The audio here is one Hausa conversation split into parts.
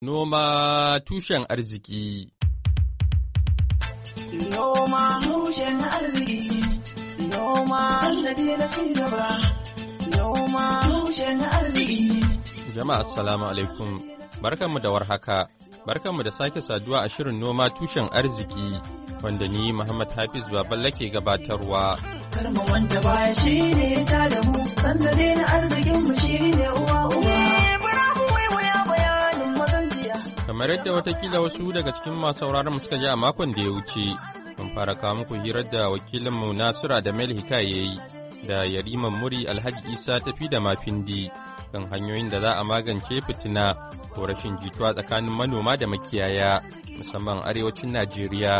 Noma tushen arziki Noma tushen arziki Noma na Noma tushen arziki Jama'a assalamu alaikum barkanmu da warhaka barkanmu da sake saduwa a shirin noma tushen arziki wanda ni Muhammad Hafiz Baballe ke gabatarwa Karma wanda baya shine ta da mu sanda na arzikin mu shine uwa uwa kamar yadda watakila wasu daga cikin masu sauraron suka ji a makon da ya wuce mun fara kawo muku hirar da wakilinmu nasura da mel ya yi da yariman muri alhaji isa tafi da mafindi kan hanyoyin da za a magance fitina ko rashin jituwa tsakanin manoma da makiyaya musamman arewacin najeriya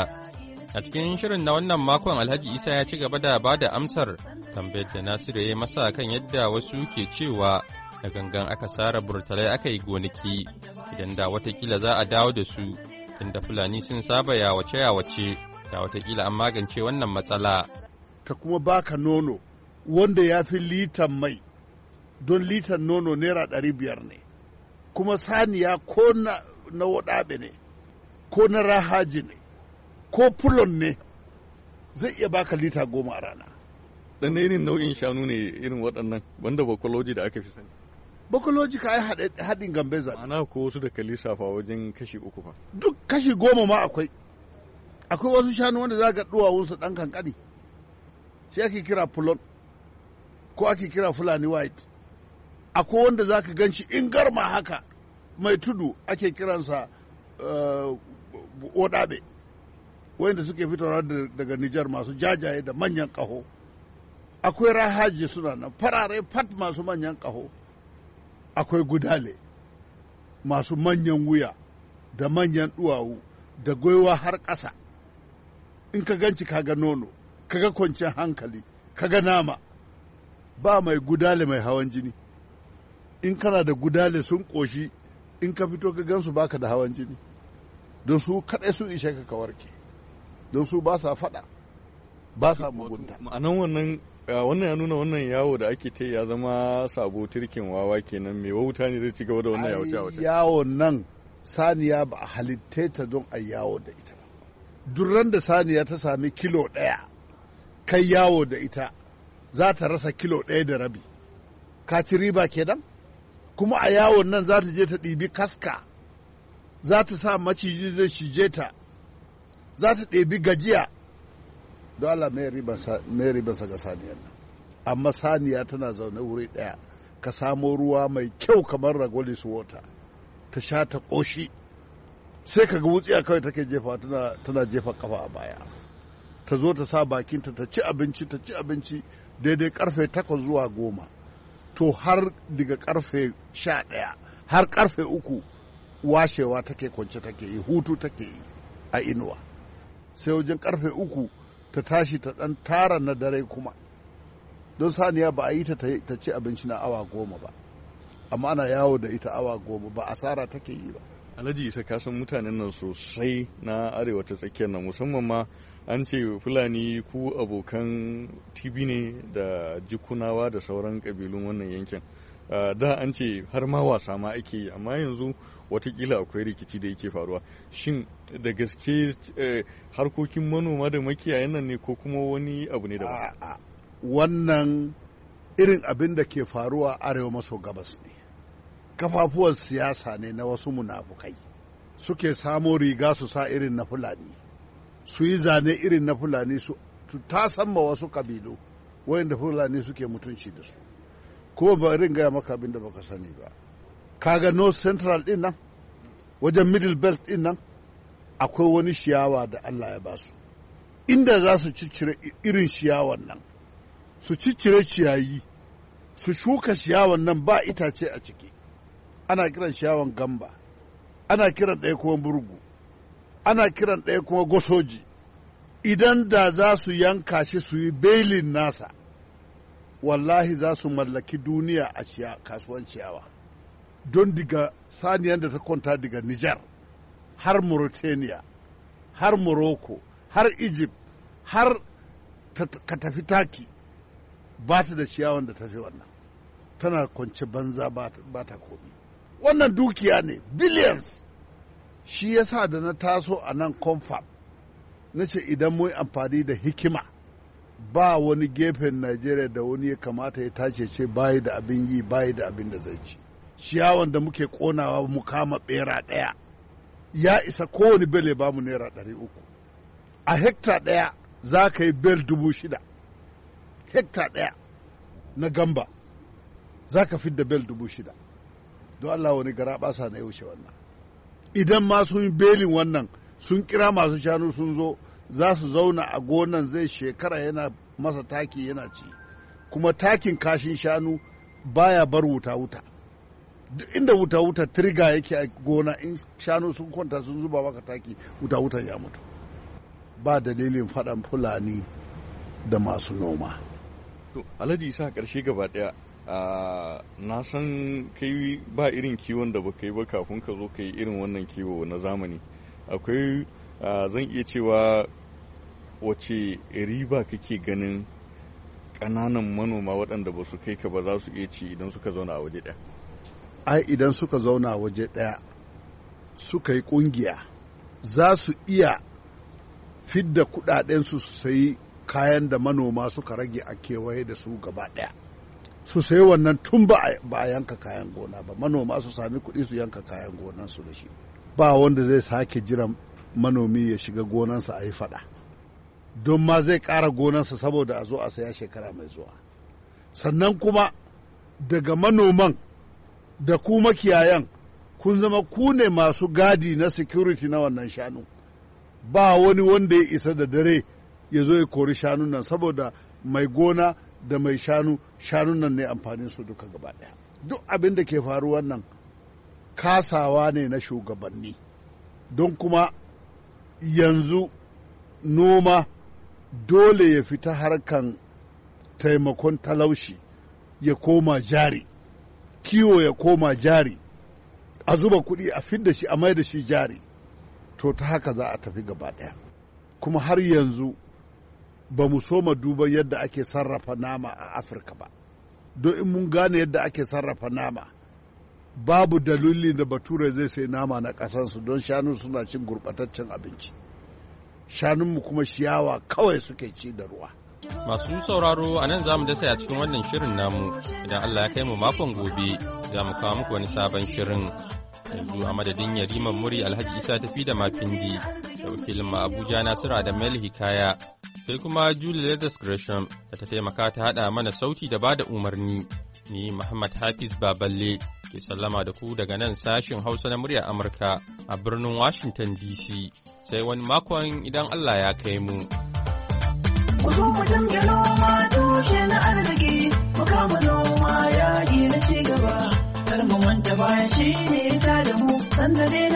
a cikin shirin na wannan makon alhaji isa ya ci gaba da ba da amsar tambayar da nasiru ya masa kan yadda wasu ke cewa da gangan aka sara burtalai aka yi gonaki idan da watakila za a dawo da su inda fulani sun saba yawace yawace da watakila an magance wannan matsala ka kuma baka nono wanda ya fi litan mai don litan nono naira ɗari biyar ne kuma saniya ko na, na waɗaɓe ne ko na rahaji ne ko fulon ne zai iya baka lita goma a rana. Dan irin nau'in shanu ne irin waɗannan wanda bakoloji da aka fi sani. Bokoloji ka yi haɗin gambe zaɓe. Ana ko wasu da kalisa fa wajen kashi uku fa. Duk kashi goma ma akwai. Akwai wasu shanu wanda za ka ɗuwawunsa ɗan kankani. Shi ake kira fulon. Ko ake kira Fulani White. Akwai wanda za ka gan shi in garma haka mai tudu ake kiransa eh, odabe wanda suke fitowa daga Nijar masu jajaye da manyan ƙaho akwai rahaji suna nan farare fat masu manyan ƙaho akwai gudale masu manyan wuya da manyan duwawu da gwiwa har ƙasa in ka ganci ga nono kaga kwanciyar hankali kaga nama ba mai gudale mai hawan jini in kana da gudale sun ƙoshi in ka fito ka gansu baka da hawan jini don su kaɗai sun ishe ka warke don su ba sa faɗa ba sa mugunta ma'anan wannan wannan ya nuna wannan yawo da ake ta ya zama sabo turkin wawa kenan me wauta ne zai ci da wannan yawon yawo yawo nan saniya ba a halitta ta don a yawo da ita durran da saniya ta sami kilo ɗaya kai yawo da ita za ta rasa kilo ɗaya da rabi ka ci riba kenan kuma a yawon nan za ta je ta ɗibi kaska za ta sa maciji zai shije ta za ta ɗebi gajiya don Allah mai riban sa ga saniya nan amma saniya tana zaune wuri daya ka samo ruwa mai kyau kamar ragolis water ta sha ta koshi sai ka ga wutsiya kawai take jefa tana jefa kafa a baya ta zo ta sa bakinta ta ci abinci ta ci abinci daidai karfe takwas zuwa goma to har daga karfe sha ɗaya har karfe uku washewa take kwance take yi hutu take yi a inuwa sai wajen karfe uku ta tashi ta ɗan tara na dare kuma don saniya ba a yi ta ta ci abinci na awa goma ba amma ana yawo da ita awa goma ba asara take yi ba alhaji isa kasan mutanen nan sosai na arewa ta tsakiyar nan musamman ma an ce fulani ku abokan tibi ne da jikunawa da sauran kabilun wannan yankin Eh, da an ce har ma wasa ma ake yi amma yanzu watakila akwai rikici da yake faruwa shin da gaske eh, harkokin manoma da makiyayan nan ne ko kuma wani abu ne da wannan irin abin da ke faruwa arewa maso gabas ne kafafuwan siyasa ne na wasu munafukai suke samo riga su sa irin na fulani su yi zane irin na fulani su tasamma wasu kabilu wayanda fulani suke mutunci da su ko ba rin gaya maka abin da baka sani ba kaga north central din nan wajen middle belt din nan akwai wani shiyawa da allah ya basu inda za su ciccire irin shiyawan nan su ciccire ciyayi su shuka shiyawan nan ba itace a ciki ana kiran shiyawan gamba ana kiran ɗaya kuma burgu ana kiran ɗaya kuma gosoji idan da za su yanka shi su yi belin nasa wallahi za su mallaki duniya a kasuwan ciyawa don diga saniyar da ta kwanta daga Nijar har Mauritania har Morocco har Egypt har ka tafi taki ba ta da ciyawan da tafi wannan tana kwance banza ba ta komi wannan dukiya ne billions shi yasa da na taso a nan confab na ce idan mun amfani da hikima ba wani gefen najeriya da wani ya kamata ya tace ce bayi da abin yi bayi da abin da zai ci ciyawan da muke konawa mu kama bera daya. ya isa kowane bele ba mu naira ɗari uku a hekta daya za ka yi bel dubu shida hekta daya na gamba za ka fidda bel dubu shida don allah wani gara basa na yaushe wannan idan ma belin wannan sun kira masu shanu sun zo za su zauna a gonan zai shekara yana masa taki yana ci kuma takin kashin shanu baya bar wuta wuta inda wuta wuta tirga yake a gona in shanu sun kwanta sun zuba maka taki wuta wuta ya mutu ba dalilin faɗan fulani da masu noma to alhaji isa ƙarshe gaba ɗaya na san kai ba irin kiwon da ba kai ba kafin ka zo ka yi irin wannan kiwo na zamani akwai Ah, zan iya cewa wace riba kake ganin ƙananan manoma waɗanda ba su kai ka ba za su iya ci idan suka zauna a waje ɗaya ai idan suka zauna a waje ɗaya suka yi ƙungiya za su iya fidda kuɗaɗensu su sayi kayan da manoma suka rage a kewaye da su gaba ɗaya su sayi wannan tun ba a yanka kayan gona ba manoma su sami kuɗi su yanka kayan gonansu da shi ba wanda zai sake jiran manomi ya shiga gonansa a yi fada don ma zai ƙara gonansa saboda a zo a saya shekara mai zuwa sannan kuma daga manoman da ku makiyayan kun zama ku ne masu gadi na security na wannan shanu ba wani wanda ya isa da dare ya zo ya kori shanun nan saboda mai gona da mai shanu shanun nan ne amfanin su duka gaba ɗaya duk abin da ke faru nan kasawa ne na shugabanni don kuma yanzu noma dole ya fita harkan taimakon talaushi ya koma jari kiwo ya koma jari a zuba kuɗi a fidda shi a mai da shi jari to ta haka za a tafi gaba ɗaya kuma har yanzu ba mu so ma duba yadda ake sarrafa nama a afirka ba don in mun gane yadda ake sarrafa nama babu dalili da bature zai sai nama na ƙasansu don shanu suna cin gurɓataccen abinci shanunmu kuma shiyawa kawai suke ci da ruwa masu sauraro a nan za mu dasa a cikin wannan shirin namu idan allah ya kai mu makon gobe za mu kawo muku wani sabon shirin yanzu a madadin yariman muri alhaji isa tafi da mafindi da wakilin ma abuja nasira da mel hikaya sai kuma julie da da ta taimaka ta haɗa mana sauti da bada umarni ni muhammad hafiz baballe ke sallama da ku daga nan sashin Hausa na murya Amurka a birnin Washington DC sai wani makon idan Allah ya kai mu. Kar mu manta baya shi ne ta da mu,